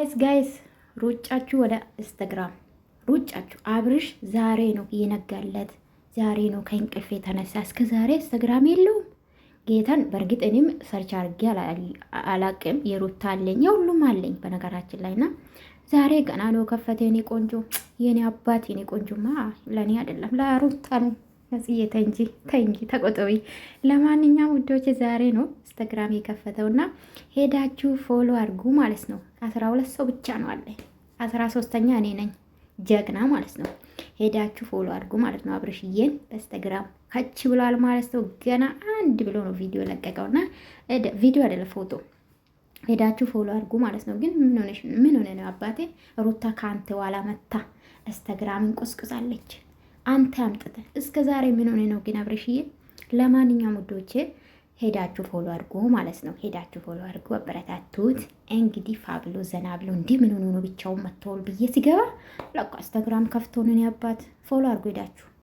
ጋይስ ጋይስ ሩጫችሁ ወደ ኢንስታግራም ሩጫችሁ። አብርሽ ዛሬ ነው የነጋለት፣ ዛሬ ነው ከእንቅልፍ የተነሳ። እስከ ዛሬ ኢንስታግራም የለውም ጌታን። በእርግጥ እኔም ሰርች አድርጌ አላቅም። የሩታ አለኝ የሁሉም አለኝ በነገራችን ላይ እና ዛሬ ገና ነው ከፈተ። የኔ ቆንጆ የኔ አባት የኔ ቆንጆማ ለእኔ አይደለም ለሩታ ነው። መጽዬ ተንጂ ተንጂ ተቆጠቢ። ለማንኛውም ውዶች ዛሬ ነው ኢንስታግራም እና ሄዳችሁ ፎሎ አድርጉ ማለት ነው። አስራ ሁለት ሰው ብቻ ነው አለ። አስራ ሶስተኛ እኔ ነኝ ጀግና ማለት ነው። ሄዳችሁ ፎሎ አድርጉ ማለት ነው። አብርሽዬን በኢንስታግራም ከች ብሏል ማለት ነው። ገና አንድ ብሎ ነው ቪዲዮ ለቀቀውና ቪዲዮ አይደለ ፎቶ ሄዳችሁ ፎሎ አድርጉ ማለት ነው። ግን ምን ሆነ ነው አባቴ ሩታ ከአንተ ዋላ መታ ኢንስታግራምን ቁስቁሳለች። አንተ አምጥተ እስከ ዛሬ ምን ሆነ ነው ግን አብረሽዬ? ለማንኛውም ውዶቼ ሄዳችሁ ፎሎ አድርጎ ማለት ነው። ሄዳችሁ ፎሎ አድርጎ አበረታቱት። እንግዲህ ፋብሎ ዘና ብሎ እንዲህ ምን ሆኖ ነው ብቻውን መተወል ብዬ ሲገባ ለቃ ኢንስታግራም ከፍቶንን ያባት ፎሎ አድርጎ ሄዳችሁ